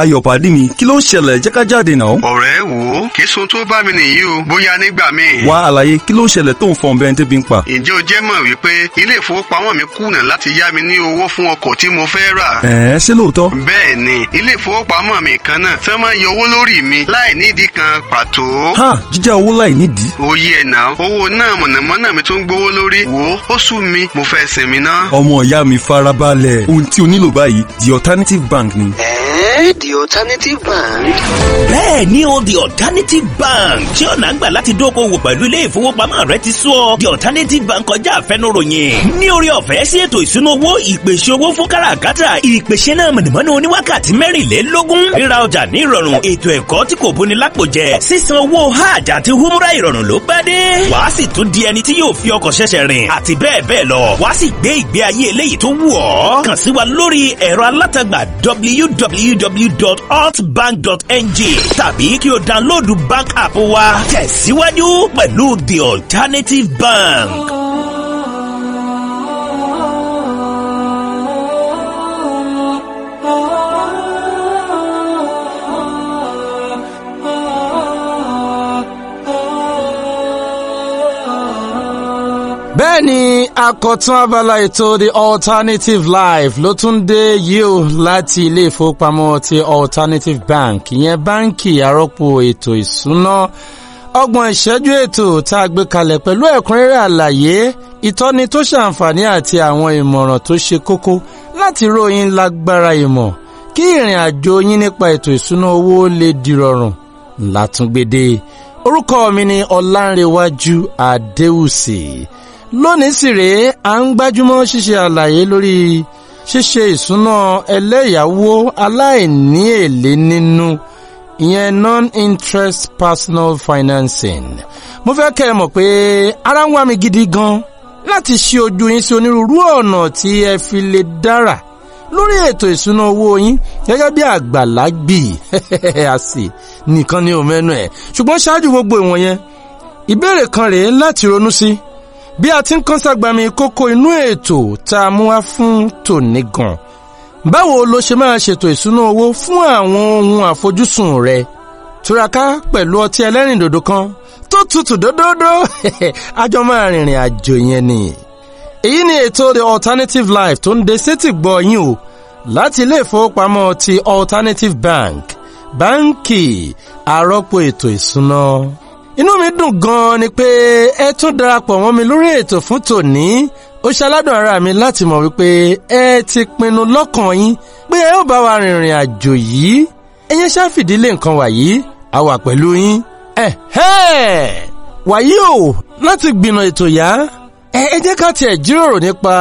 ayọ̀ pàdé mi kí ló ń ṣẹlẹ̀ jẹ́ ká jáde náà. ọ̀rẹ́ wo kí sun tó bá mi nìyí o bóyá nígbà míì. wá àlàyé kí ló ń ṣẹlẹ̀ tó ń fọ̀n bẹ́ẹ̀ tẹ́bi ń pa. ǹjẹ́ o jẹ́ mọ̀ wípé ilé ìfowópamọ́ mi kùnà láti yá mi ní owó fún ọkọ̀ tí mo fẹ́ rà. ẹ ṣé lóòótọ́. bẹ́ẹ̀ ni ilé ìfowópamọ́ mi kan náà fẹ́ máa yọ owó lórí mi láì kan pàtó. ha jíjá owó láì nídìí. oyè ẹ̀nà owó náà mọ̀nàmọ́ná mi tún gbówó wo ó sú mi mo fẹ́ sinmi ná. ọmọ ìyá mi the alternative bank ni the alternative bank. bẹ́ẹ̀ ni o the alternative bank ṣé ọ̀nà àgbà láti dókòwò pẹ̀lú ilé ìfowópamọ́ rẹ ti sú the alternative bank kọjá àfẹnuròyìn ní orí ọ̀fẹ́ sí ètò ìṣúná owó ìpèsè owó fún káràkátà ìpèsè náà mọ̀nàmọ́ná oníwákàtí mẹ́rìnlélógún ríra ọjà ní ìrọ̀rùn ètò ẹ̀kọ́ tí kò buni lápòjẹ sísan owó hajj àti humra ìrọ̀rùn ló pẹ́ dé wàá sì tún di ẹni tí yóò fi ọkọ̀ ṣẹ̀ṣẹ̀ rìn àti bẹ́ẹ̀ bẹ́ẹ̀ lọ wàá sì gbé ìgbé ayé eléyìí tó wù ọ́ kàn sí wa lórí ẹ̀rọ alátagbà www www.altbank.ng tàbí kí o download bank app wa tẹ̀síwájú pẹ̀lú The Alternative Bank. bẹ́ẹ̀ ni akọ̀tún abala ètò the alternative life ló tún dé yìí o láti ilé ìfowópamọ́ ti alternative bank ìyẹn báǹkì àrọ́pò ètò ìsúná ọgbọ̀n ìṣẹ́jú ètò tá a gbé kalẹ̀ pẹ̀lú ẹ̀kúnrẹ́rẹ́ àlàyé ìtọ́ni tó ṣàǹfààní àti àwọn ìmọ̀ràn tó ṣe kókó láti ròyìn lágbára ìmọ̀ kí ìrìn àjò yín nípa ètò ìsúná owó lè dìrọ̀rùn látúngbédè orúkọ mi ni ọlánrewájú adéwùsì lónìí sì rèé à ń gbájúmọ́ ṣíṣe àlàyé lórí ṣíṣe ìṣúná ẹlẹ́yàwó aláìní èlé nínú ìyẹn non-interest personal financing mo fẹ́ kẹ́ ẹ mọ̀ pé ara ń wá mi gidi gan láti ṣe ojú yín sí onírúurú ọ̀nà tí ẹ fi lè dára lórí ètò ìṣúná owó yín gẹ́gẹ́ bí àgbàlagbì àsì nìkan ni ò mẹ́nu ẹ̀ ṣùgbọ́n ṣáájú gbogbo ìwọ̀nyẹn ìbéèrè kan rèé láti ronú sí. Si bí a ti ń kán kókó inú ètò tá a mú wá fún tòní gan báwo lo ṣe máa ṣètò ìṣúná owó fún àwọn ohun àfojúsùn rẹ túraká pẹ̀lú ọtí ẹlẹ́rìndòdò kan tó tutù dódódó àjọ máa rìnrìn àjò yẹn ni èyí ni ètò the alternative life tó ń de sétì gbọ́ yín o láti ilé ìfowópamọ́ ti alternative bank báńkì àrọ́pò ètò ìṣúná inú mi dùn gan-an ni pé ẹ tún darapọ̀ mọ́ mi lórí ètò fún tòní ó ṣaládùn ara mi láti mọ̀ wípé ẹ ti pinnu lọ́kàn yín pé ẹ ó bá wa rìnrìn àjò yìí ẹyẹ ṣáfìdílé nǹkan wàyí a wà pẹ̀lú yín ẹ̀hẹ́ wàyí o láti gbìnà ètò yá ẹ ẹ jẹ́ ká tiẹ̀ jíròrò nípa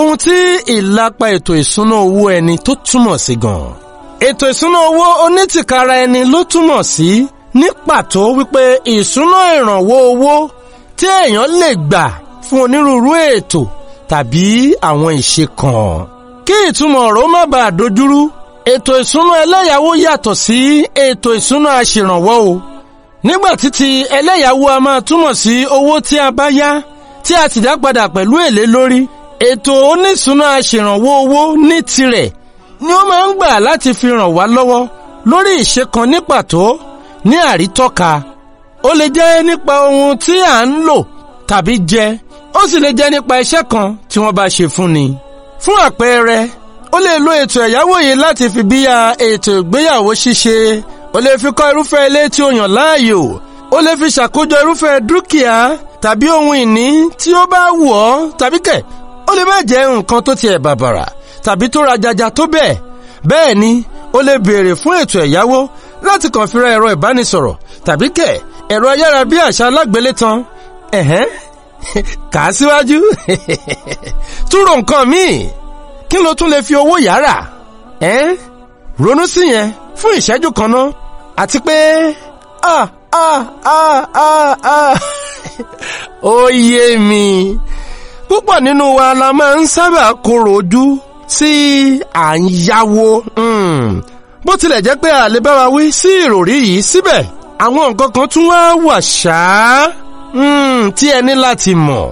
ohun tí ìlapa ètò ìṣúná owó ẹni tó túmọ̀ sí gan ètò ìṣúná owó onítìkára ẹni ló túmọ̀ sí ní pàtó wípé ìṣúná ìrànwọ́ owó tí èèyàn lè gbà fún onírúurú ètò tàbí àwọn ìṣe kan. kí ìtumọ̀ ọ̀rọ̀ má bàa dojúrú ètò ìṣúná ẹlẹ́yàwó yàtọ̀ sí ètò ìṣúná aṣèrànwọ́ o. nígbà títí ẹlẹ́yàwó a máa túmọ̀ sí owó tí a bá yá tí a sì dá padà pẹ̀lú èlé lórí. ètò oníṣúná aṣèrànwọ́ owó ní tirẹ̀ ni ó máa ń gbà láti fi ràn wá lọ́wọ́ lórí ìṣe kan ní pàtó ní àrítọ́ka ó lè jẹ́ nípa ohun tí à ń lò tàbí jẹ ó sì lè jẹ́ nípa iṣẹ́ kan tí wọ́n bá ṣe fún ni. fún àpẹẹrẹ ó lè lo ètò ẹ̀yáwó yìí láti fi bíya ètò ìgbéyàwó ṣíṣe ó lè fi kọ́ irúfẹ́ ilé tí o yàn láàyò ó lè fi ṣàkójọ irúfẹ́ dúkìá tàbí ohun ìní tí ó bá wù ọ́ tàbí kẹ̀ ó lè má jẹ́ nǹkan tó tiẹ̀ bàbàrà tàbí tó rajaja tó bẹ́ẹ̀ bẹ́ẹ̀ ni ó lè béèrè fún ètò ẹ̀yáwó láti kàn fi ra ẹ̀rọ ìbánisọ̀rọ̀ tàbí kẹ̀ ẹ̀rọ ayárabíàṣá alágbélétan ẹ̀hẹ́n kà á síwájú túrò nǹkan míì kí ló tún lè fi owó yàrá ẹ̀ ronú sí yẹn fún ìṣẹ́jú kan ná àti pé ah ah ah ah ah ó yé mi púpọ̀ nínú wa la máa ń sábà korò ojú sí à ń yáwó. Mm bó tilẹ̀ jẹ́ pé a lè bára wí sí ìròrí yìí síbẹ̀ àwọn nǹkan kan tún wá wà ṣáá hmm, tí ẹ ní láti mọ̀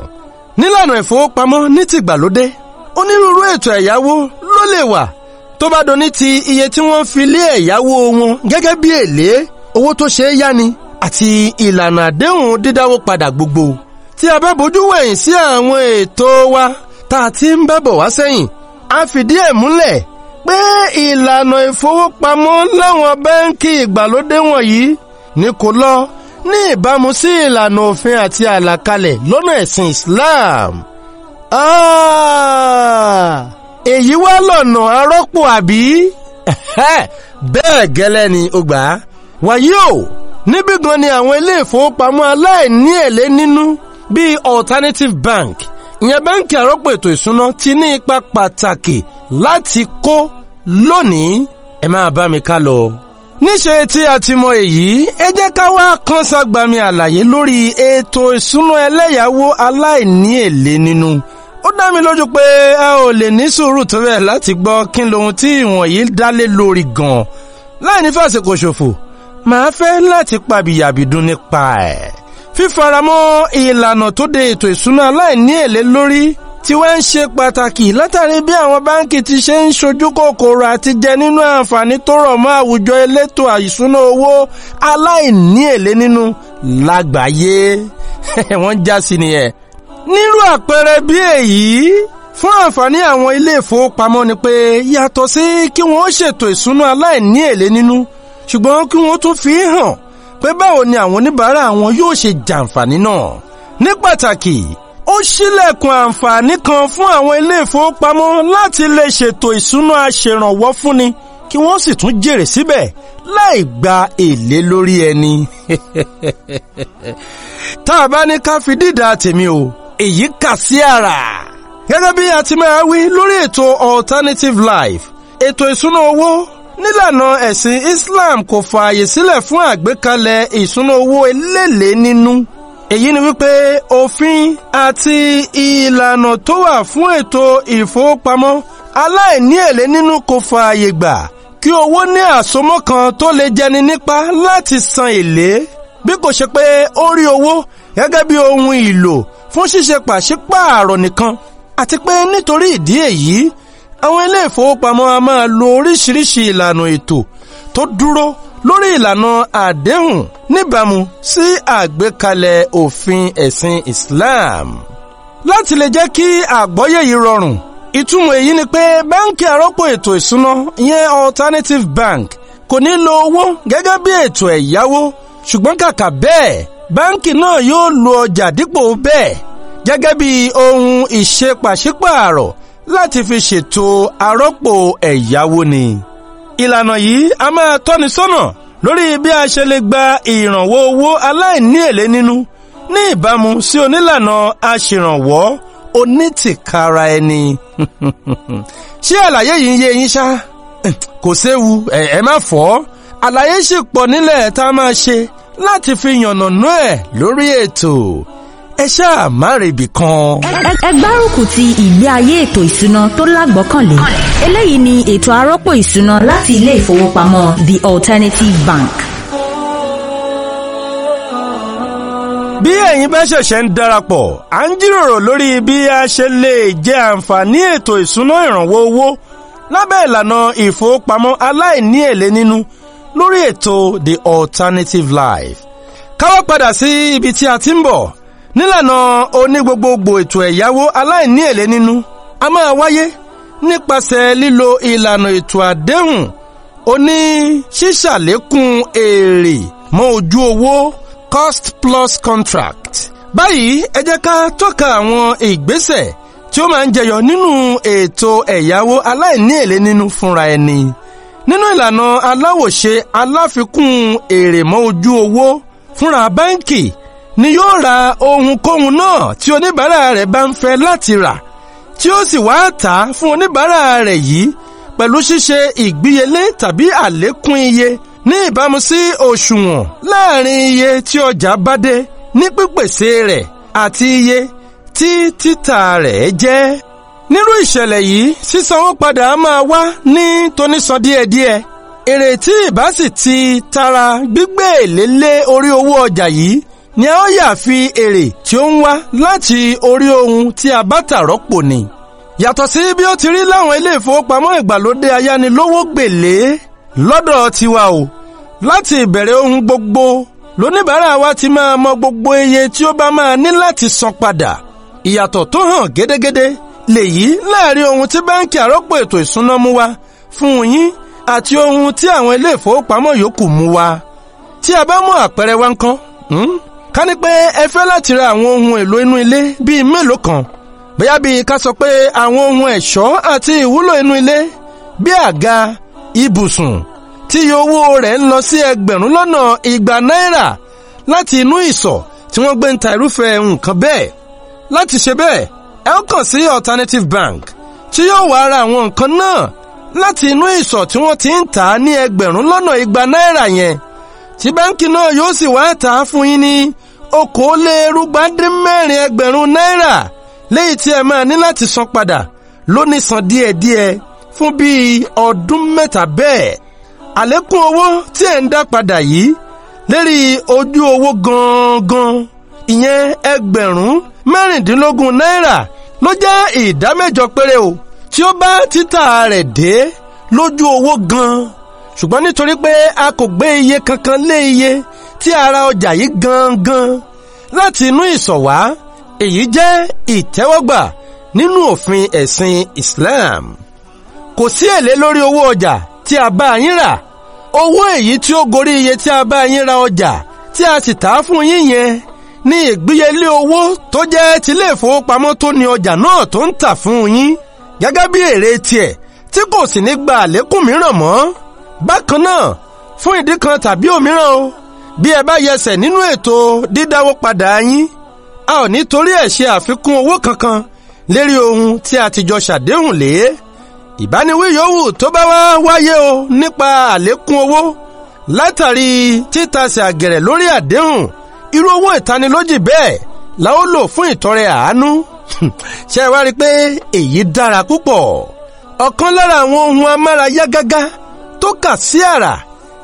nílànà ìfowópamọ́ ní tìgbàlódé onírúurú ètò ẹ̀yáwó ló lè wà tó bá doni ti iye tí wọ́n fi lé ẹ̀yáwó wọn gẹ́gẹ́ bí èlé owó tó ṣe é yáni àti ìlànà àdéhùn dídáwó padà gbogbo tí a bá bójú wẹ̀yìn sí àwọn ètò wa tá a ti ń bẹ́bọ̀ wá sẹ́yìn a fìdí ẹ̀ múlẹ̀ pé ìlànà ìfowópamọ́ láwọn bẹ́ńkì ìgbàlódé wọ̀nyí ni kò lọ ní ìbámu sí ìlànà òfin àti àlàkalẹ̀ lọ́nà ẹ̀sìn Islam. Ah! èyí wá lọ́nà arọ́pò àbí bẹ́ẹ̀ gẹ́lẹ́ ni ó gbà á wàyí o níbí gan ni àwọn ilé ìfowópamọ́ aláìní èlé nínú bíi Alternative Bank ìyẹn bẹ́ńkì àrọ́pò ètò ìsúná ti ní ipa pàtàkì láti kó lónìí ẹ máa bá mi ká lọ. níṣe tí a ti mọ èyí ẹ jẹ́ ká wá kan ságbami àlàyé lórí ètò ìsúná ẹlẹ́yàwó aláìní èlé nínú. ó dá mi lójú pé a ò lè ní sùúrù tó bẹ́ẹ̀ láti gbọ́ kí n lohun tí ìwọ̀n yìí dálé lórí gan-an láì ní fàṣekò ṣòfò màá fẹ́ láti pàbíyàbídún nípa ẹ̀. fífaramọ́ ìlànà tó de ètò ìsúná aláìní èlé lórí tí wọ́n ń ṣe pàtàkì látàrí bí àwọn báńkì ti ṣe ń ṣojú kòkòrò àti jẹ nínú àǹfààní tó rọ̀ mọ́ àwùjọ elétò àìsúná owó aláìní èlé nínú lágbàáyé wọ́n já sí nìyẹn. nírú àpẹẹrẹ bí èyí fún àǹfààní àwọn ilé ìfowópamọ́ ni pé yàtọ̀ sí kí wọ́n ṣètò ìsúná aláìní èlé nínú ṣùgbọ́n kí wọ́n tún fi hàn pé báwo ni àwọn oníbàárà wọn yóò ṣe jàǹfààní náà ní pàtàkì ó ṣílẹ̀kùn àǹfààní kan fún àwọn ilé ìfowópamọ́ láti lè ṣètò ìṣúná aṣèrànwọ́ fúnni kí wọ́n sì tún jèrè síbẹ̀ láì gba èlé lórí ẹni. tá a bá ní ká fi dídá tèmi o èyí kà sí àrà. gẹ́gẹ́ bí a ti máa wí lórí ètò alternative life ètò ìṣúná owó nílànà ẹ̀sìn Islam kò fààyè sílẹ̀ fún àgbékalẹ̀ ìṣúná owó eléèlé nínú èyí ni wípé òfin àti ìlànà tó wà fún ètò ìfowópamọ́ aláìní èlé nínú kò fààyè gbà kí owó ní àsomọ́ kan tó lè jẹni nípa láti san èlé bí kò ṣe pé ó rí owó gẹ́gẹ́ bí ohun ìlò fún ṣíṣe pàṣípààrọ̀ nìkan àti pé nítorí ìdí èyí àwọn ilé ìfowópamọ́ a máa lo oríṣiríṣi ìlànà ètò tó dúró lórí ìlànà àdéhùn níbàámu sí àgbékalẹ̀ òfin ẹ̀sìn Islam. láti lè jẹ́ kí àgbọ́yé yìí rọrùn ìtumọ̀ èyí ni pé báńkì àrọ́pò ètò ìsúná ìyẹn alternative bank kò ní lo owó gẹ́gẹ́ bí ètò ẹ̀yáwó ṣùgbọ́n kàkà bẹ́ẹ̀ báńkì náà yóò lo ọjà dípò bẹ́ẹ̀ gẹ́gẹ́ bí ohun ìṣe pàṣípààrọ̀ láti fi ṣètò àrọ́pò ẹ̀yáwó ni ìlànà yìí a máa tọ́ni sọ́nà lórí bí a ṣe lè gba ìrànwọ́ owó aláìní èlé nínú ní ìbámu sí onílànà aṣèrànwọ́ onítìkára ẹni. ṣé àlàyé yìí ń yé yín ṣá kò séwu ẹ má fọ́ àlàyé sì pọ̀ nílẹ̀ tá a máa ṣe láti fi yànnàná ẹ̀ lórí ètò ẹ ṣáà má rebi kan. ẹ gbárùkù ti ìgbé ayé ètò ìṣúná tó lágbọ́kànlé eléyìí ni ètò àrọ́pò ìṣúná láti ilé ìfowópamọ́ The Alternative Bank. bí ẹ̀yin bá ṣẹ̀ṣẹ̀ ń darapọ̀ à ń jíròrò lórí bí a ṣe lè jẹ àǹfààní ètò ìṣúná ìrànwọ́ owó lábẹ́ ìlànà ìfowópamọ́ aláìní èlé nínú lórí ètò The Alternative Life. ká padà sí ibi tí a ti ń bọ̀ nílànà onígbogbogbò ètò ẹ̀yáwó aláìní èlé nínú a máa wáyé nípasẹ̀ lílo ìlànà ètò àdéhùn oní ṣíṣàlékún èrè mọ́ ojú owó cost plus contract. báyìí ẹ jẹ́ ká tọ́ka àwọn ìgbésẹ̀ tí ó máa ń jẹyọ nínú ètò ẹ̀yáwó aláìní èlé nínú fúnra ẹni nínú ìlànà aláwòṣe aláfikún èrè mọ́ ojú owó fúnra báńkì ni yóò ra ohunkóhun náà tí oníbàárà rẹ̀ bá ń fẹ́ láti rà tí ó sì wáá tà á fún oníbàárà rẹ̀ yìí pẹ̀lú ṣíṣe ìgbíyelé tàbí àlékún iye ní ìbámu sí òṣùwọ̀n láàrin iye tí ọjà bá dé ní pípèsè rẹ̀ àti iye tí títà rẹ̀ jẹ́. nírú ìṣẹ̀lẹ̀ yìí sísanwó padà máa wá ní tónísan díẹ̀díẹ̀ èrè tí ìbá sì ti tara gbígbé èlé lé orí owó ọjà yìí ni a ó yà fi èrè tí ó ń wá láti orí ohun tí a bá tà rọ́pò ni. yàtọ̀ sí bí ó ti rí láwọn ilé ìfowópamọ́ ìgbàlódé ayánilówó gbèlé lọ́dọ̀ tiwa o láti ìbẹ̀rẹ̀ ohun gbogbo lóníbàárà wa ti máa mọ gbogbo iye tí ó bá máa ní láti san padà ìyàtọ̀ tó hàn gédégédé lèyí láàrin ohun tí báńkì àrọ́pò ètò ìsúná mú wá fún yín àti ohun tí àwọn ilé ìfowópamọ́ yòókù mú wá tí a bá mú àpẹẹrẹ wa ńkọ́ hmm? ká ní pé ẹ fẹ́ láti ra àwọn ohun èlò inú ilé bíi mélòó kan bóyá bíi ká sọ pé àwọn ohun ẹ̀ṣọ́ àti ìwúlò inú ilé bíi àga ibùsùn tí owó rẹ̀ ń lọ sí ẹgbẹ̀rún lọ́nà igba náírà láti inú ìsọ̀ tí wọ́n gbé ń ta irúfẹ́ nǹkan bẹ́ẹ̀ láti ṣe bẹ́ẹ̀ ẹ ó kàn sí alternative bank tí yóò wá ra àwọn nǹkan náà láti inú ìsọ̀ tí wọ́n ti ń tà á ní ẹgbẹ̀rún lọ́nà igba náírà yẹn tí báńkì náà yóò sì wá tà á fún yín ní okòólérúgbàdínmẹ́rin ẹgbẹ̀rún náírà lẹ́yìn tí ẹ máa ní láti san padà lóní san díẹ̀díẹ̀ fún bíi ọdún mẹ́ta bẹ́ẹ̀ àlékún owó tí ẹ̀ ń dá padà yìí lérí ojú owó gangan ìyẹn ẹgbẹ̀rún mẹ́rìndínlógún náírà ló jẹ́ ìdá péré o tí ó bá títà rẹ̀ dé lójú owó gan ṣùgbọ́n nítorí pé a kò gbé iye kankan lé iye tí a ra ọjà yìí gangan láti inú ìsọ̀wá èyí jẹ́ ìtẹ́wọ́gbà nínú òfin ẹ̀sìn Islam kò sí èlé lórí owó ọjà tí a bá yín rà owó èyí tí ó gorí iye tí a bá yín ra ọjà tí a sì tà á fún yín yẹn ní ìgbéyẹlé owó tó jẹ́ tilé ìfowópamọ́ tó ní ọjà náà tó ń tà fún yín gẹ́gẹ́ bí èrè tiẹ̀ tí kò sì ní gba àlékún mìíràn mọ́ bákan náà fún ìdí kan tàbí òmíràn o bí ẹ bá yẹsẹ̀ nínú ètò dídáwó padà yín a ò ní torí ẹ̀ ṣe àfikún owó kankan lérí ohun tí a ti jọ ṣàdéhùn lé ìbániwí yòówù tó bá wá wáyé o nípa àlékún owó látàrí títasẹ̀ àgẹ̀rẹ̀ lórí àdéhùn irú owó ìtanilójì bẹ́ẹ̀ la ó lò fún ìtọrẹ àánú ṣé wá rí i pé èyí dára púpọ̀ ọ̀kan lára àwọn ohun amárayá gágá tó kà sí àrà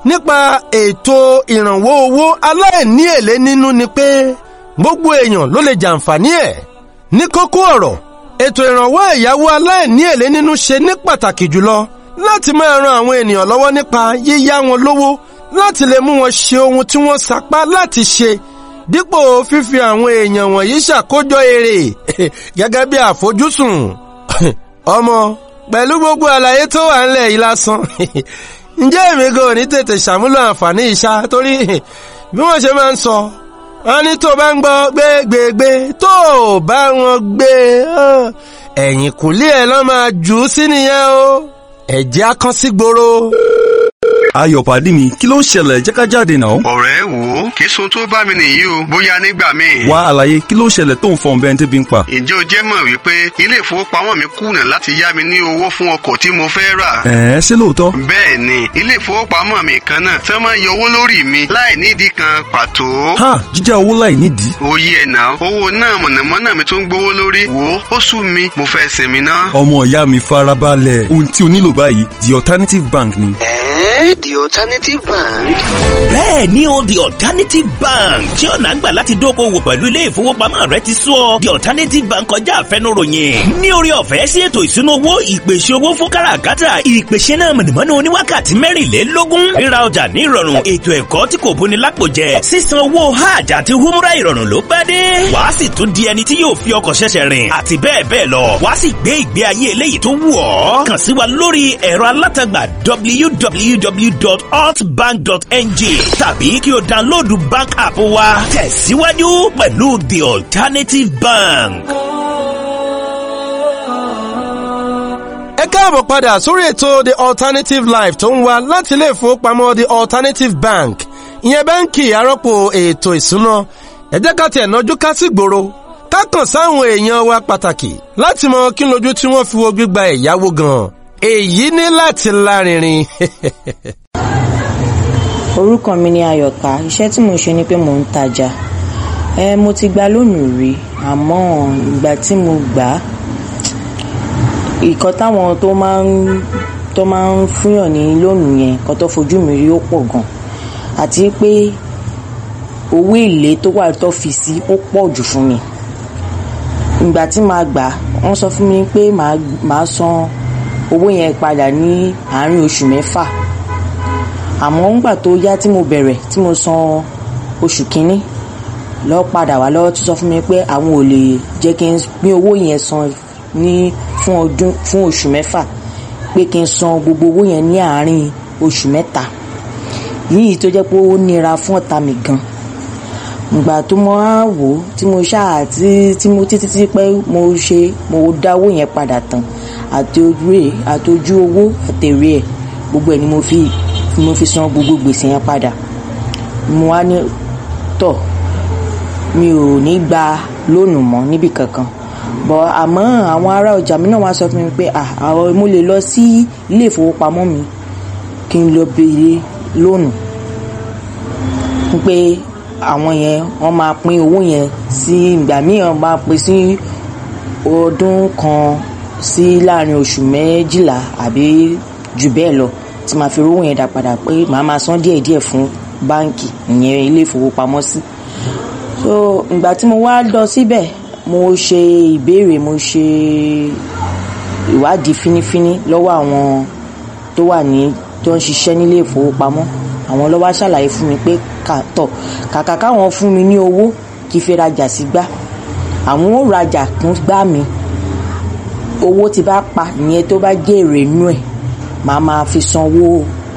nípa ètò ìrànwọ́ owó aláìní èlé nínú ni pé gbogbo èèyàn ló lè jàǹfààní ẹ̀ ní kókó ọ̀rọ̀ ètò ìrànwọ́ ẹ̀yáwó aláìní èlé nínú ṣe ní pàtàkì jùlọ láti máa ran àwọn ènìyàn lọ́wọ́ nípa yíyá wọn lówó láti lè mú wọn ṣe ohun tí wọ́n sapá láti ṣe dípò fífi àwọn èèyàn wọ̀nyí ṣàkójọ èrè gẹ́gẹ́ bí àfojúsùn ọmọ pẹ̀lú gbogbo àlàyé tó wà ńlẹ̀ yìí lásán ǹjẹ́ èmi gan ò ní tètè ṣàmúlò àǹfààní ìṣá torí bí wọ́n ṣe máa ń sọ wọ́n ní tó bá ń gbọ́ gbégbégbé tó bá wọn gbé ẹ̀yìn kùlé ẹ̀ lọ́ máa jù ú sí nìyẹn o ẹ̀jẹ̀ á sí gbòòrò ayọ̀ pàdé mi kí ló ń ṣẹlẹ̀ jẹ́ ká jáde náà. ọ̀rẹ́ wo kì í sun tó bá mi nìyí o bóyá nígbà míì. wá àlàyé kí ló ń ṣẹlẹ̀ tó ń fọ̀n bẹ́ẹ̀ tẹ́bi ń pa. ǹjẹ́ o jẹ́ mọ̀ wípé ilé ìfowópamọ́ mi kùnà láti yá mi ní owó fún ọkọ̀ tí mo fẹ́ rà. ẹ̀ẹ́ ṣé lóòótọ́. bẹ́ẹ̀ ilé ìfowópamọ́ mi kan náà fẹ́ máa yọ owó lórí mi láì kan pàtó. ha jíjá owó láì nídìí. oyè ẹ̀ náà owó náà mọ̀nàmọ́ná mi tó ń gbówó lórí wo ó sú mi mo fẹ́ sinmi ná. ọmọ alternative bank ni. Eh, the alternative bank. bẹ́ẹ̀ ni o the alternative bank tí ọ̀nà àgbà láti dókòwò pẹ̀lú ilé ìfowópamọ́ rẹ ti sú the alternative bank kọjá àfẹnuròyìn ní orí ọ̀fẹ́ sí ètò ìṣúná owó ìpèsè owó fún káràkátà ìpèsè náà mọ̀nàmọ́ná oníwákàtí mẹ́rìnlélógún ríra ọjà ní ìrọ̀rùn ètò ẹ̀kọ́ tí kò buni lápòjẹ sísan owó hajj àti humra ìrọ̀rùn ló bá dé wàá sì tún di ẹni tí yóò fi ọkọ̀ ṣẹ̀ṣẹ̀ rìn àti bẹ́ẹ̀ bẹ́ẹ̀ lọ wàá sì gbé ìgbé ayé eléyìí tó wù ọ́ kàn sí wa lórí ẹ̀rọ alátagbà www www.altbank.ng tàbí kí o download bank app wa tẹ̀síwájú pẹ̀lú the alternative bank. ẹ káàbọ̀ padà sórí ètò the alternative life tó ń wá láti ilé ìfowópamọ́ the alternative bank ìyẹn bẹ́ńkì arọ́pò ètò ìsúná ẹ jẹ́ ká tiẹ̀ nájú ká sí gbòòrò ká kàn sáwọn èèyàn wa pàtàkì láti mọ kí lójú tí wọ́n fi wo gbígba ẹ̀yáwó gan-an èyí ní láti lárinrin. orúkọ mi ni Ayọ̀ká iṣẹ́ tí mo ṣe ni pé mo ń tajà ẹ mo ti gba lónìí rí àmọ́ ìgbà tí mo gbà á ìkan táwọn tó máa ń tó máa ń fúnyàn ní lónìí yẹn kan tó fojú mi rí ó pọ̀ gan àti pé owó èlé tó wà tó fi sí ó pọ̀ jù fún mi ìgbà tí màá gbà wọ́n sọ fún mi pé màá san owó yẹn padà ní àárín oṣù mẹ́fà àmọ́ ńgbà tó yá tí mo bẹ̀rẹ̀ tí mo san oṣù kínní lọ padà wá lọ́wọ́ tó sọ fún mi pé àwọn ò lè jẹ́ kí n pín owó yẹn san ní fún ọdún fún oṣù mẹ́fà pé kí n san gbogbo owó yẹn ní àárín oṣù mẹ́ta yìí tó jẹ́ pé ó nira fún ọ̀tá mi gan ìgbà tó mọ á tí mo ṣáà tí mo títí pé mo ṣe mo dáwó yẹn padà tán àti ojú ẹ̀ àti ojú owó àtẹ̀rẹ̀ ẹ̀ gbogbo ẹ̀ ni mo fi mo fi san gbogbo gbèsè yẹn padà mo wá ní tọ̀ mi ò ní gba lónìí mọ́ níbì kankan bọ̀ àmọ́ àwọn ará ọjà mi náà wá sọ fún mi pé àwọn mo lè lọ sí ilé ìfowópamọ́ mi kí n lọ béèrè lónìí pé àwọn yẹn wọ́n máa pín owó yẹn sí ìgbà míì wọ́n máa pín sí ọdún kan sí láàrin oṣù méjìlá àbí jù bẹ́ẹ̀ lọ tí màá fi rówó yẹn dá padà pé màá máa san díẹ̀ díẹ̀ fún báǹkì ìyẹn ilé ìfowópamọ́sí so ìgbà tí mo wá lọ síbẹ̀ mo ṣe ìbéèrè mo ṣe ìwádìí fínífíní lọ́wọ́ àwọn tó wà ní tó ń ṣiṣẹ́ nílé ìfowópamọ́ àwọn ló wá ṣàlàyé fún mi pé kàtọ̀ kàkà káwọn fún mi ní owó kí fi rajà sí gbá àwọn ò rajà kún gbá mi owó tí bá pa ìyẹn tó bá jẹ́ èrè inú ẹ̀ màá máa fi sanwó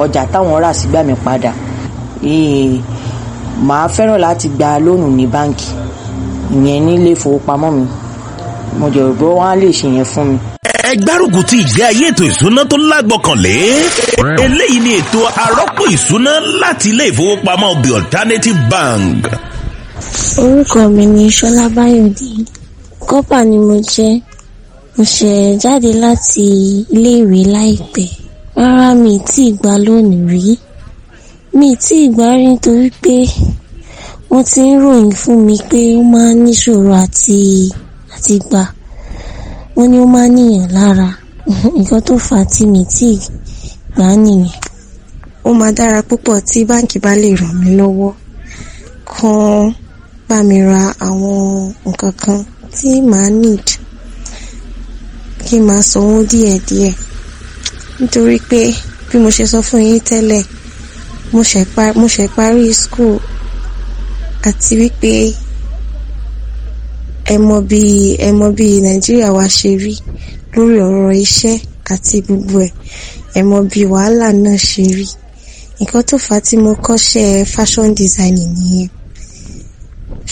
ọjà táwọn rà sígbà mi padà màá fẹ́ràn láti gba lóònù ní báǹkì ìyẹn nílé ìfowópamọ́ mi mo jẹ̀rù bó wọ́n á lè ṣe yẹn fún mi ẹ gbárùkù ti ìgbé ayé ètò ìsúná tó lágbọ́kànlé. eléyìí ni ètò àrọ́pò ìsúná láti ilé ìfowópamọ́ the alternative bank. orúkọ mi ni ṣọlá báyọ̀dé kọ́pà ni mo jẹ́ Mo ṣẹ̀ jáde láti iléèwé láìpẹ́. Rárá mi tí ìgbà lónìí rí. Mi tí ìgbà rí nítorí pé wọ́n ti ń ròyìn fún mi pé ó máa ń níṣòro àti àti gbà. Wọ́n ní ó máa ń níyàn lára. Nǹkan tó fà á tí mi tí ìgbà nìyẹn. Ó máa dára púpọ̀ tí báǹkì bá lè ràn mí lọ́wọ́ kan bá mi ra àwọn nǹkan kan tí màá need kí n máa sanwó díẹ̀díẹ̀ nítorí pé bí mo ṣe sọ fún yín tẹ́lẹ̀ mo ṣe parí school àti wípé ẹ mọ̀ bí ẹ bí nàìjíríà wa ṣe rí lórí ọ̀rọ̀ iṣẹ́ àti gbogbo ẹ̀ ẹ mọ̀ bí wàhálà náà ṣe rí nǹkan tó fà á tí mo kọ́ṣẹ́ fashion design nìyẹn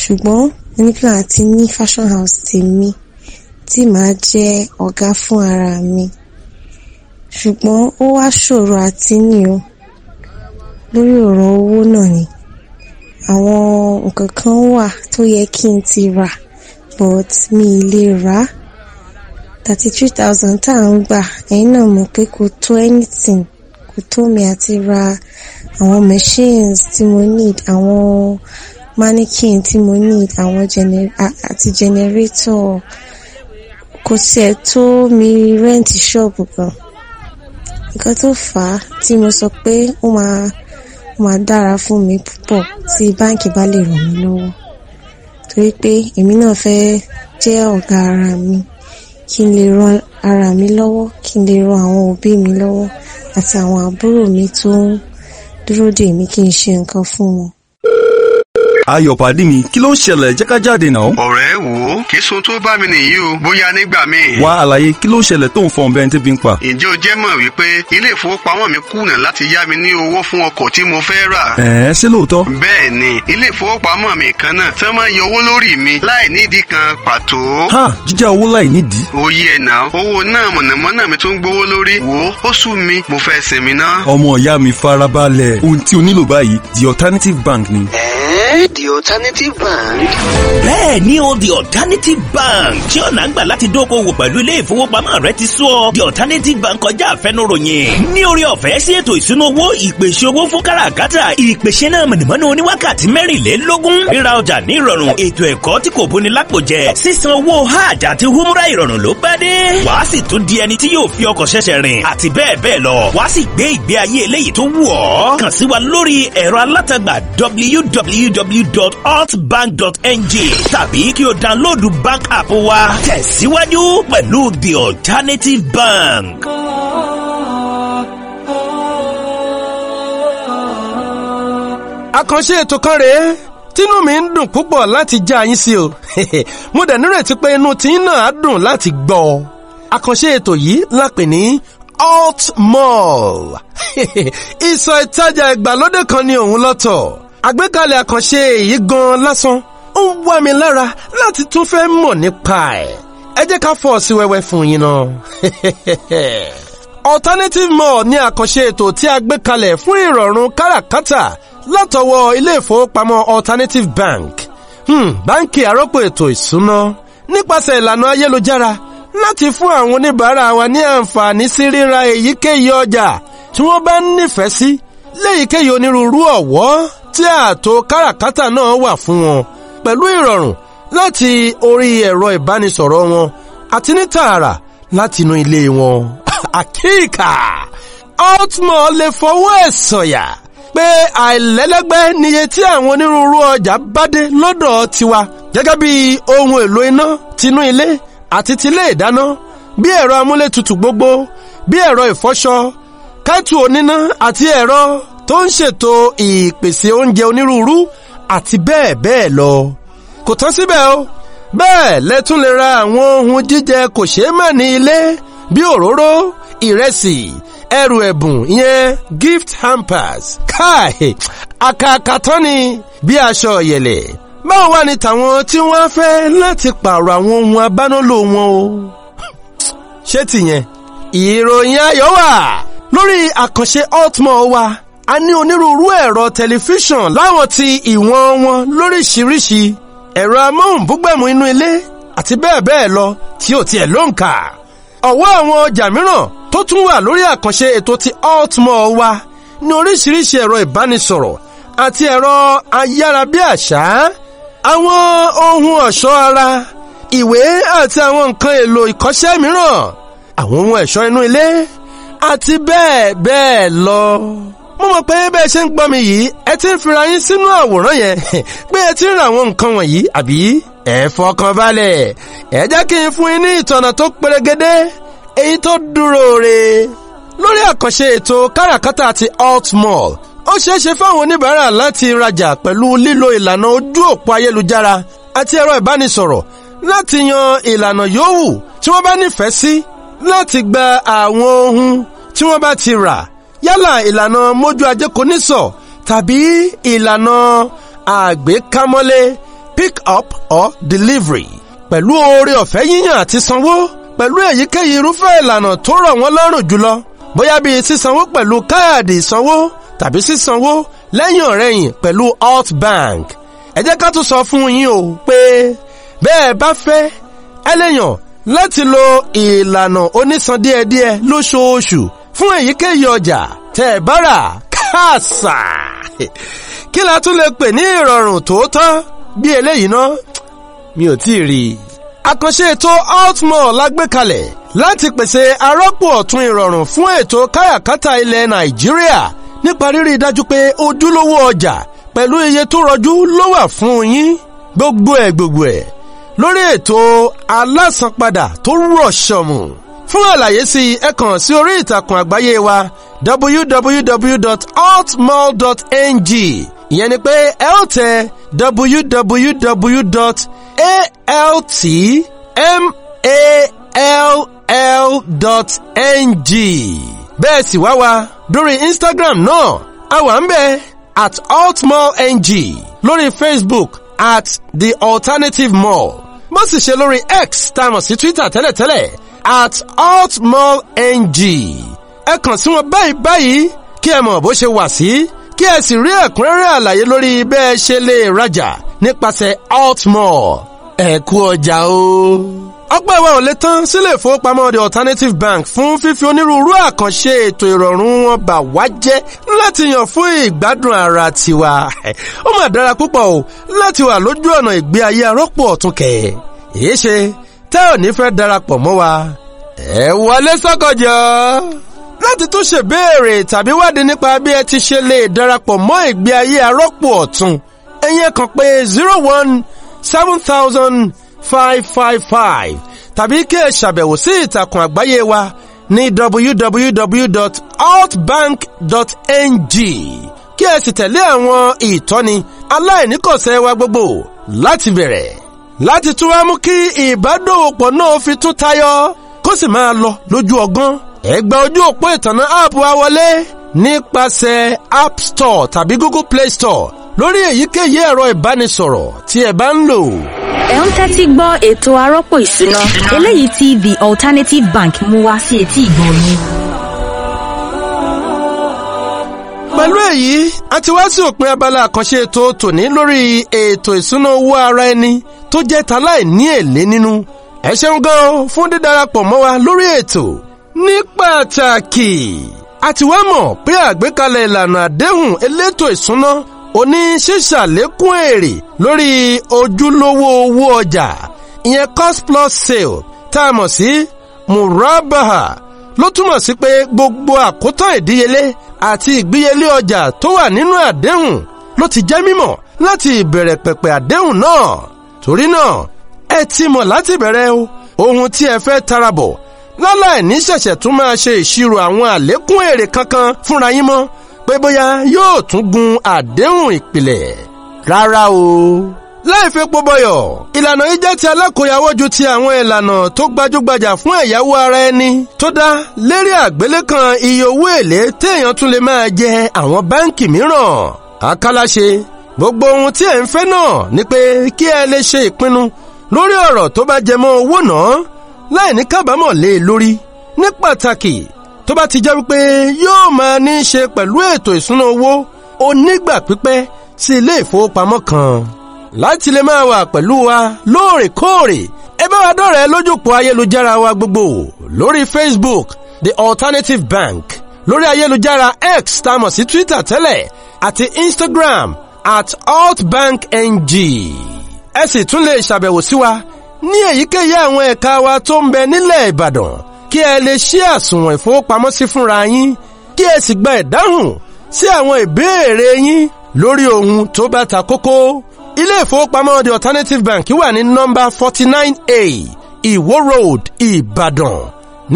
ṣùgbọ́n mo ní plan àti ní fashion house tèmi tí màá jẹ́ ọ̀gá fún ara mi ṣùgbọ́n ó wá ṣòro àti níyàn lórí ọ̀rọ̀ owó náà ni àwọn nǹkan kan wà tó yẹ kí n ti rà but mi ì lè rà á thirty three thousand tá à ń gbà ẹ̀yin náà mọ̀ pé kò tó anything kò tó mi àti ra àwọn machines tí mo need àwọn mannequin tí mo need àwọn àti generator kò tiẹ̀ tó mi rẹ́ǹtì ṣọ́ọ̀bù gan nǹkan tó fà á tí mo sọ pé ó máa ó máa dára fún mi púpọ̀ tí báǹkì bá lè ràn mí lọ́wọ́ torí pé èmi náà fẹ́ jẹ́ ọ̀gá ara mi kí n lè ran ara mi lọ́wọ́ kí n lè ran àwọn òbí mi lọ́wọ́ àti àwọn àbúrò mi tó ń dúró dè mí kí n ṣe nǹkan fún wọn ayọ̀ pàdé mi kí ló ń ṣẹlẹ̀ jẹ́ ká jáde náà. ọ̀rẹ́ wo kí sun tó bá mi nìyí o bóyá nígbà míì. wá àlàyé kí ló ń ṣẹlẹ̀ tó ń fọ̀n bẹ́ẹ̀ tí fi ń pa. ǹjẹ́ o jẹ́ mọ̀ wípé ilé ìfowópamọ́ mi kùnà láti yá mi ní owó fún ọkọ̀ tí mo fẹ́ rà. ẹ̀ẹ́ ṣé lóòótọ́. bẹ́ẹ̀ ni ilé ìfowópamọ́ mi kan náà tí wọ́n máa yọ owó lórí mi láì nídìí kan pàtó. ha jíjá owó láì nídìí. òye ẹ̀ náà owó náà mọ̀nàmọ́ná mi tó ń gbowó lórí wo ó sú mi mo fẹ́ sinmi mi farabalẹ̀ ohun tí o nílò the alternative bank ni the alternative bank. bẹ́ẹ̀ ni o the alternative bank tí ọ̀nà ń gbà láti dókòwò pẹ̀lú ilé ìfowópamọ́ rẹ ti sú ọ the alternative bank kọjá àfẹnuròyìn ní orí ọ̀fẹ́ sí ètò ìṣúná owó ìpèsè owó fún káràkátà ìpèsè náà mọ̀nàmọ́ná oníwákàtí mẹ́rìnlélógún ríra ọjà ní ìrọ̀rùn ètò ẹ̀kọ́ tí kò bóni lápò jẹ sísan owó hajj àti humra ìrọ̀rùn ló pẹ́ dé wàá sì tún di ẹni tí yóò fi ọkọ̀ ṣẹ̀ṣẹ̀ rìn àti bẹ́ẹ̀ bẹ́ẹ̀ lọ wàá sì gbé ìgbé ayé eléyìí tó wù ọ́ kàn sí wa lórí ẹ̀rọ alátagbà www www.altbank.ng tàbí kí o download bank app wa tẹ̀síwájú pẹ̀lú the alternative bank. àkànṣe ètò kan rèé tínú mi ń dùn púpọ̀ láti já yín sí o mo dẹ̀ nírètí pé inú tí náà á dùn láti gbọ́ ọ àkànṣe ètò yìí la ní alt mall ìsọ̀ ìtajà ìgbàlódé kan ni òun lọ́tọ̀ àgbékalẹ̀ àkànṣe èyí gan lásán ń wá mi lára láti tún fẹ́ mọ̀ nípa ẹ̀ ẹ jẹ́ ká fọ̀ sí wẹ́wẹ́ fún yín náà. alternative mall ní àkànṣe ètò tí a gbé kalẹ̀ fún ìrọ̀rùn káràkátà látọwọ́ ilé ìfowópamọ́ alternative bank hmm, báńkì àrọ́pò ètò ìsúná nípasẹ̀ ìlànà ayélujára láti fún àwọn oníbàárà wa ní àǹfààní sí ríra èyíkéyìí ọjà tí wọ́n bá ń nífẹ̀ẹ́ sí léyìíkéyìí onírúurú ọ̀wọ́ tí ààtò káràkátà náà wà fún wọn pẹ̀lú ìrọ̀rùn láti orí ẹ̀rọ ìbánisọ̀rọ̀ wọn àti ní tààrà láti inú ilé wọn. àkíkà altmore lè fọwọ́ ẹ̀ sọ̀yà pé àìlẹ́lẹ́gbẹ́ níye tí àwọn onírúurú ọjà bá dé lọ́dọ̀ tiwa gẹ́gẹ́ bí ohun èlò iná tinú ilé àti tilé ìdáná bí ẹ̀rọ amúlétutù gbogbo bí ẹ̀rọ ìfọṣọ kẹ́tù oníná àti ẹ̀rọ tó ń ṣètò ìpèsè oúnjẹ onírúurú àti bẹ́ẹ̀ bẹ́ẹ̀ lọ. kò tán síbẹ̀ o bẹ́ẹ̀ lẹ́tún lè ra àwọn ohun jíjẹ kò ṣeé mà ní ilé bí òróró ìrẹsì ẹrù ẹ̀bùn ìyẹn gift hampers káì àkàkà tán ni bí aṣọ ọ̀yẹ̀lẹ̀ báwo wá ni tàwọn tí wọ́n fẹ́ láti pààrọ̀ àwọn ohun abánálò wọn o ṣé tìyẹn ìròyìn ayọ̀ wà lórí àkànṣe altmore wa a ní onírúurú ẹ̀rọ tẹlifíṣàn láwọn ti ìwọ̀n wọn lóríṣiríṣi ẹ̀rọ amóhùnbúgbẹ̀mù inú ilé àti bẹ́ẹ̀ bẹ́ẹ̀ lọ tí ò tiẹ̀ ló ń kà ọ̀wọ́ àwọn ọjà mìíràn tó tún wà lórí àkànṣe ètò ti altmore wa ní oríṣiríṣi ẹ̀rọ ìbánisọ̀rọ̀ àti ẹ̀rọ ayárabíàṣá àwọn ohun ọ̀ṣọ́ ara ìwé àti àwọn nǹkan èlò ìkọ́ṣẹ́ mìíràn àwọn ohun ẹ̀ṣọ́ inú ilé àti bẹ́ẹ̀ bẹ́ẹ̀ lọ mo mọ̀ pé bẹ́ẹ̀ ṣe ń gbọ́ mi yìí ẹ ti ń fira yín sínú àwòrán yẹn pé ẹ ti ń ra àwọn nǹkan wọ̀nyí àbí ẹ fọkàn balẹ̀ ẹ jẹ́ kí n fún yín ní ìtọ̀nà tó pérégedé èyí tó dúró re lórí àkànṣe ètò káràkátà ti alt mall ó ṣeé ṣe fáwọn oníbàárà láti rajà pẹ̀lú lílo ìlànà ojú òpó ayélujára àti ẹ̀rọ ìbánisọ̀rọ̀ láti yan ìlànà yòówù tí wọ́n bá nífẹ̀ẹ́ sí láti gba àwọn ohun tí wọ́n bá ti rà yálà ìlànà mójú ajé kò ní sọ tàbí ìlànà àgbékámọ́lé pick up or delivery pẹ̀lú oore ọ̀fẹ́ yíyàn àti sanwó pẹ̀lú èyíkéyìí irúfẹ́ ìlànà tó rọ̀ wọ́n lọ́rùn jùlọ bóyá bíi sísanwó pẹ̀lú káàdì ìsanwó tàbí sísanwó lẹ́yìn ọ̀rẹ́yìn pẹ̀lú Altbank ẹ jẹ́ ká tún sọ fún yín o pé bẹ́ẹ̀ bá fẹ́ ẹ lè yàn láti lo ìlànà onísan díẹ̀díẹ̀ lóṣooṣù fún èyíkéyìí ọjà tẹ́ ẹ bá rà káàsà kí la tún lè pè ní ìrọ̀rùn tòótọ́ bí eléyìí ná mi ò tí ì rí i. àkànṣe ètò altmore la gbé kalẹ̀ láti pèsè arọ́pò ọ̀tun ìrọ̀rùn fún ètò káyàkátà ilẹ̀ nàìjíríà nípa rírí dájú pé ojúlówó ọjà pẹ̀lú iye tó rọjú ló wà fún yín gbogbo ẹ̀ gbogbo ẹ̀ lórí ètò alásànpadà tó rọ̀ ṣọ̀mù fún àlàyé sí ẹ kàn sí orí ìtàkùn àgbáyé wa www.altmall.ng ìyẹn ni pé ẹ ó tẹ www.altmall.ng bẹ́ẹ̀ sì wá wa lórí Instagram náà a wà ń bẹ at altmallng lórí Facebook at the alternative mall bó sì ṣe lórí X tá a mọ̀ sí Twitter tẹ́lẹ̀tẹ́lẹ̀ at altmall ng ẹ kàn sí wọn báyìí báyìí kí ẹ mọ̀ bó ṣe wà sí kí ẹ sì rí ẹ̀kúnrẹ́rẹ́ àlàyé lórí bẹ́ ẹ ṣe lè rajà nípasẹ̀ altmall ẹ kú ọjà o. ọpẹ́ ìwà ò lè tán sílé ìfowópamọ́ the alternative bank fún fífi onírúurú àkànṣe ètò ìrọ̀rùn wọn bà wá jẹ́ láti yàn fún ìgbádùn ara tiwa. ó mà dára púpọ̀ o láti wà lójú ọ̀nà ìgbé ayé arọ́pò ọ̀tún kẹ̀. èé ṣe tẹ́ ò ní fẹ́ darapọ̀ mọ́ wa ẹ wọlé sọ́kànjọ́ láti tún ṣèbéèrè tàbí wádìí nípa bí ẹ ti ṣe lè darapọ̀ mọ́ ìgbé ayé arọ́pò ọ̀tun ẹ̀yin kàn pé zero one seven thousand five five five tàbí kí ẹ ṣàbẹ̀wò sí ìtàkùn àgbáyé wa ní www.outbank.ng kí ẹ sì tẹ̀lé àwọn ìtọ́ni aláìníkọ̀sẹ̀ wa gbogbo láti bẹ̀rẹ̀ láti tún wá mú kí ìbádòwòpọ̀ náà fi tún tayọ kó sì máa lọ lójú ọgán ẹ ojú òpó ìtànà app wa wọlé nípasẹ̀ app store tàbí google play store lórí èyíkéyìí ẹ̀rọ ìbánisọ̀rọ̀ tí ẹ bá ń lò. ẹ ń tẹ́tí gbọ́ ètò arọ́pò ìṣúná eléyìí tí the alternative bank mú wá sí etí ìgbọ́ yín. pẹ̀lú èyí a ti wá sí òpin abala àkànṣe ètò tòní lórí ètò ìṣúná owó ara ẹni tó jẹ́ taláì ní èlé nínú ẹ ṣeun gan fún dídarapọ̀ mọ́ wa lórí ètò ní pàtàkì àti wá mọ̀ pé àgbékalẹ̀ ìlànà àdéhùn elétò ìsúná oní ṣíṣàlékún èrè lórí ojúlówó owó ọjà ìyẹn cost plus sale tá a mọ̀ sí murabaha ló túmọ̀ sí pé gbogbo àkótán ìdíyelé àti ìgbíyelé ọjà tó wà nínú àdéhùn ló ti jẹ́ mímọ̀ láti ìbẹ̀rẹ̀ pẹ̀pẹ̀ àdéhùn náà torí náà ẹ ti mọ̀ láti bẹ̀rẹ̀ o ohun tí ẹ fẹ́ tarabọ̀ láláì ní ṣẹ̀ṣẹ̀ tún máa ṣe ìṣirò àwọn àlékún èrè kankan fúnra yín mọ́ pé bóyá yóò tún gun àdéhùn ìpìlẹ̀ rárá o láì fepo bọyọ̀ ìlànà yìí jẹ́ ti alákòóyawó ju ti àwọn ìlànà tó gbajúgbajà fún ẹ̀yáwó ara ẹni tó dá lérí àgbélékan iye owó èlé téèyàn tún lè máa jẹ àwọn báǹkì mìíràn àkàlàṣe gbogbo ohun tí ẹ̀ ń fẹ́ náà ni pé kí ẹ lè ṣe ìpinnu lórí ọ̀rọ̀ tó bá jẹ mọ́ owó náà láì ní kábàámọ̀ lé e lórí ní pàtàkì tó bá ti jẹ́ wípé yóò máa ní í ṣe pẹ̀lú ètò ìṣúná owó onígbà pípẹ́ sí ilé ìfowópamọ́ kan láti lè máa wà pẹ̀lú wa lóòrèkóòrè ẹ bá wa dọ̀rẹ́ lójúpọ̀ ayélujára wa gbogbo lórí Facebook The Alternative Bank lórí ayélujára X tá a mọ̀ sí Twitter tẹ́lẹ̀ àti Instagram at altbank ng ẹ sì tún lè ṣàbẹ̀wò sí wa ní èyíkéyìí àwọn ẹ̀ka wa tó ń bẹ nílẹ̀ Ìbàdàn kí ẹ lè ṣí àsùnwọ̀n ìfowópamọ́sí fúnra yín kí ẹ sì gba ìdáhùn sí àwọn ìbéèrè yín lórí ohun tó bá ta kókó ilé ìfowópamọ́ the alternative bank wà ní nọ́mbà forty nine a iwo road Ìbàdàn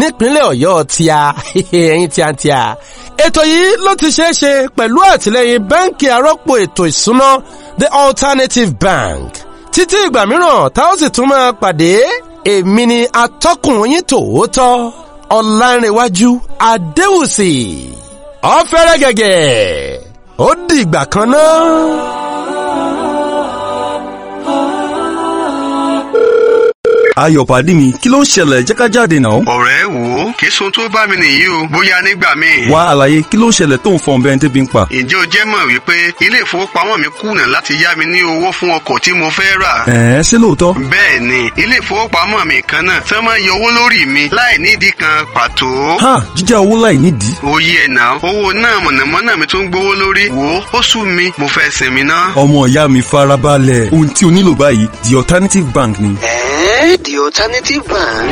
nípínlẹ̀ ọ̀yọ́ tíá ẹ̀yìn tíátíá ètò yìí ló ti ṣeé ṣe pẹ̀lú àtìlẹyìn bẹ́ǹkì arọ́pò ètò ìsúná the alternative bank títí ìgbà mìíràn tá ó sì tún máa pàdé èmi ni atọ́kùn yín tòótọ́ ọ̀làǹrẹ̀wájú adéwùsì ọ̀fẹ́rẹ́ gẹ̀gẹ̀ ó dìgbà kan náà. ayọ̀ pàdé mi kí ló ń ṣẹlẹ̀ jẹ́ ká náà. ọ̀rẹ́ wo kì sun tó bá mi nìyí o bóyá nígbà míì. wá àlàyé kí ló ń ṣẹlẹ̀ tó ń fọn bẹ́ẹ̀ tẹ́bi ń pa. ǹjẹ́ o jẹ́ mọ̀ wípé ilé ìfowópamọ́ mi kùnà láti yá mi ní owó fún ọkọ̀ tí mo fẹ́ rà. ẹ̀ẹ́ ṣé lóòótọ́. bẹ́ẹ̀ ilé ìfowópamọ́ mi kan náà fẹ́ máa yọ owó lórí mi láì nídìí kan pàtó. ha jíjá owó láì nídìí. oyè náà owó náà mọ̀nàmọ́ná mi tún gbówó wo ó sú mi mo fẹ́ sinmi mi farabalẹ̀ ohun tí o nílò the alternative bank ni the alternative bank.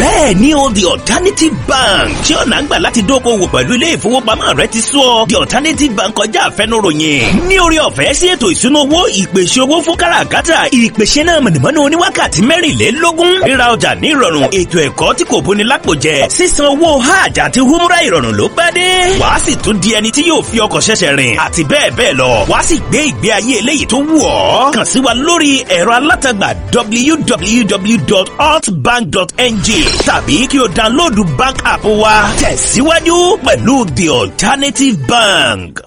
bẹ́ẹ̀ ni o the alternative bank tí ọ̀nà ń gbà láti dókòwò pẹ̀lú ilé ìfowópamọ́ rẹ ti sọ the alternative bank kọjá àfẹnuròyìn ní orí ọ̀fẹ́ sí ètò ìṣúná owó ìpèsè owó fún káràkátà ìpèsè náà mọ̀nàmọ́ná oníwákàtí mẹ́rìnlélógún ríra ọjà ní ìrọ̀rùn ètò ẹ̀kọ́ tí kò bóni lápòjẹ sísan owó hajj àti humra ìrọ̀rùn ló pẹ́ dé wàá sì tún di ẹni tí yóò fi ọkọ̀ ṣẹ̀ṣẹ̀ rìn àti bẹ́ẹ̀ bẹ́ẹ̀ lọ wàá sì gbé ìgbé ayé eléyìí tó wù ọ́ kàn sí wa lórí ẹ̀rọ alátagbà www www.altbank.ng tàbí kí o download bank app wa tẹ̀síwájú pẹ̀lú The Alternative Bank.